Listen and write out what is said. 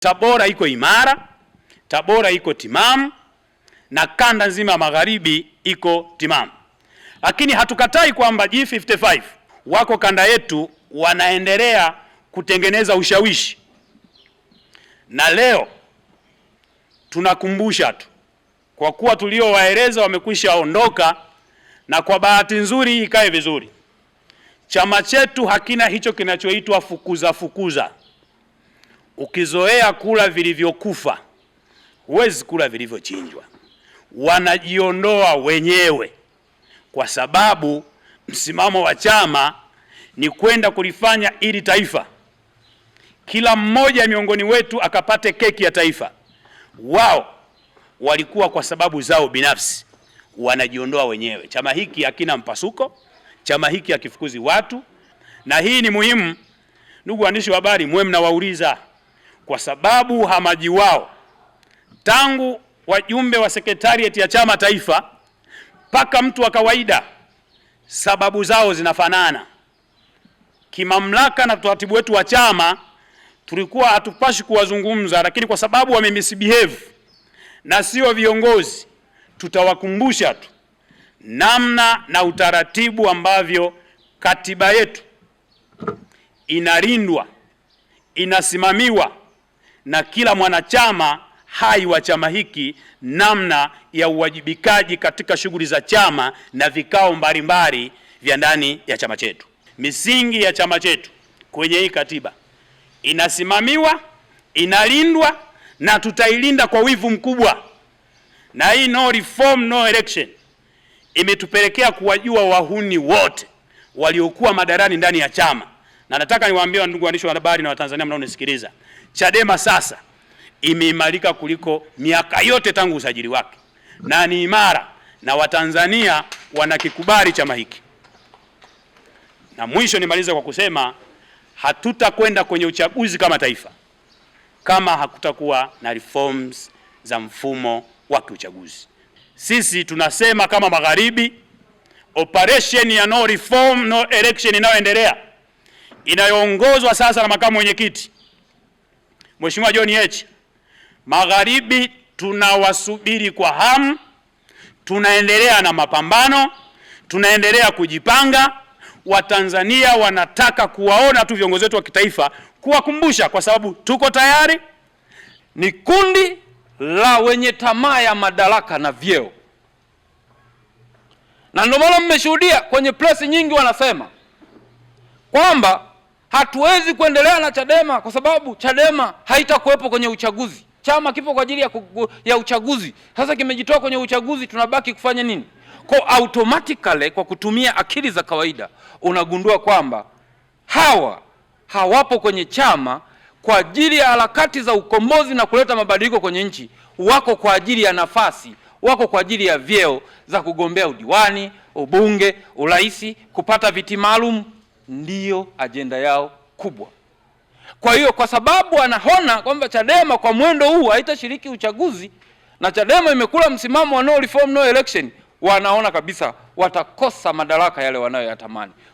Tabora iko imara, Tabora iko timamu na kanda nzima ya magharibi iko timamu, lakini hatukatai kwamba G55 wako kanda yetu, wanaendelea kutengeneza ushawishi, na leo tunakumbusha tu, kwa kuwa tuliowaeleza wamekwisha ondoka, na kwa bahati nzuri ikae vizuri, chama chetu hakina hicho kinachoitwa fukuza fukuza Ukizoea kula vilivyokufa huwezi kula vilivyochinjwa. Wanajiondoa wenyewe, kwa sababu msimamo wa chama ni kwenda kulifanya ili taifa, kila mmoja miongoni wetu akapate keki ya taifa. Wao walikuwa kwa sababu zao binafsi, wanajiondoa wenyewe. Chama hiki hakina mpasuko, chama hiki hakifukuzi watu, na hii ni muhimu. Ndugu waandishi wa habari, mwe mnawauliza kwa sababu uhamaji wao tangu wajumbe wa sekretarieti ya chama taifa mpaka mtu wa kawaida, sababu zao zinafanana kimamlaka. Na utaratibu wetu wa chama tulikuwa hatupashi kuwazungumza, lakini kwa sababu wame misbehave na sio viongozi, tutawakumbusha tu namna na utaratibu ambavyo katiba yetu inalindwa inasimamiwa na kila mwanachama hai wa chama hiki namna ya uwajibikaji katika shughuli za chama na vikao mbalimbali vya ndani ya chama chetu. Misingi ya chama chetu kwenye hii katiba inasimamiwa, inalindwa na tutailinda kwa wivu mkubwa. Na hii no reform no election imetupelekea kuwajua wahuni wote waliokuwa madarani ndani ya chama, na nataka niwaambie ndugu waandishi wa habari na Watanzania mnaonisikiliza Chadema sasa imeimarika kuliko miaka yote tangu usajili wake na ni imara na Watanzania wanakikubali chama hiki. Na mwisho nimalize kwa kusema hatutakwenda kwenye uchaguzi kama taifa kama hakutakuwa na reforms za mfumo wa kiuchaguzi. Sisi tunasema kama magharibi, operation ya no reform no election inayoendelea inayoongozwa sasa na makamu mwenyekiti Mheshimiwa John Heche, magharibi tunawasubiri kwa hamu, tunaendelea na mapambano, tunaendelea kujipanga. Watanzania wanataka kuwaona tu viongozi wetu wa kitaifa, kuwakumbusha kwa sababu tuko tayari. Ni kundi la wenye tamaa ya madaraka na vyeo, na ndio maana mmeshuhudia kwenye press nyingi wanasema kwamba Hatuwezi kuendelea na Chadema kwa sababu Chadema haitakuwepo kwenye uchaguzi. Chama kipo kwa ajili ya, ya uchaguzi. Sasa kimejitoa kwenye uchaguzi, tunabaki kufanya nini? Kwa automatically, kwa kutumia akili za kawaida unagundua kwamba hawa hawapo kwenye chama kwa ajili ya harakati za ukombozi na kuleta mabadiliko kwenye nchi. Wako kwa ajili ya nafasi, wako kwa ajili ya vyeo za kugombea udiwani, ubunge, uraisi, kupata viti maalum ndiyo ajenda yao kubwa. Kwa hiyo kwa sababu anaona kwamba Chadema kwa mwendo huu haitashiriki uchaguzi na Chadema imekula msimamo wa no reform no election, wanaona kabisa watakosa madaraka yale wanayoyatamani.